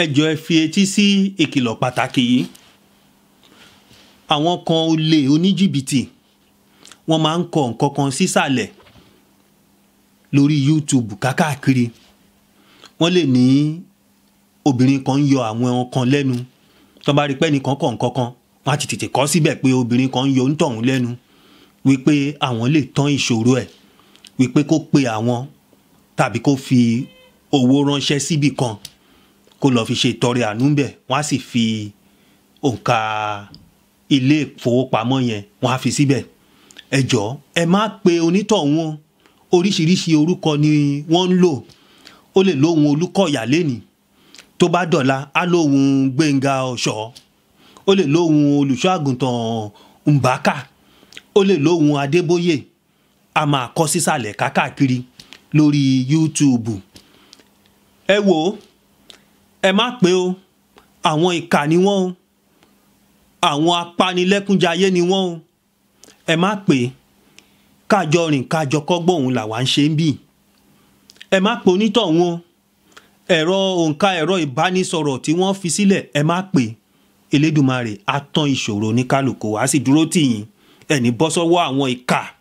ẹ jọ ẹ fi etí sí ìkìlọ̀ pàtàkì yìí àwọn kan olè oníjìbìtì wọ́n máa ń kọ nǹkan kan sísàlẹ̀ lórí YouTube kákàkiri wọ́n lè ní obìnrin kan ń yọ àwọn kan lẹ́nu tó bá rí pé ẹnìkan kọ̀ nǹkan kan wọ́n á ti tètè kọ́ síbẹ̀ pé obìnrin kan ń yọ òǹtọ̀hún lẹ́nu wípé àwọn lè tán ìṣòro ẹ̀ wípé kó pe àwọn tàbí kó fi owó ránṣẹ́ síbì kan kó lọ fi ṣe ìtọrẹ àánú bẹ wọn á sì fi òǹkà ilé ìfowópamọ́ yẹn wọn á fi síbẹ̀ ẹ jọ ẹ má pe onítọ̀hún oríṣiríṣi orúkọ ni wọ́n ń lò ó lè lóhun olúkọ̀yà lẹ́nìí tó bá dọ̀la á lóhun gbẹ̀ngà ọ̀ṣọ́ ó lè lóhun olùṣọ́ àgùntàn ó lè lóhun adébóyè a máa kọ sísàlẹ̀ kákàkiri lórí YouTube ẹ wò ó ẹ má pé o àwọn ìkà ni wọ́n o àwọn apanilẹ́kúnjayé ni wọ́n o ẹ má pé kájọ rìn kájọ kọ́gbọ́n òun làwa ń ṣe ń bì ẹ má pé onítọ̀hún o ẹ̀rọ òǹkà ẹ̀rọ ìbánisọ̀rọ̀ tí wọ́n fi sílẹ̀ ẹ má pé Elédùmarè á tán ìṣòro oníkálukú á sì dúró tì yín ẹni bọ́ sọ́wọ́ àwọn ìkà. E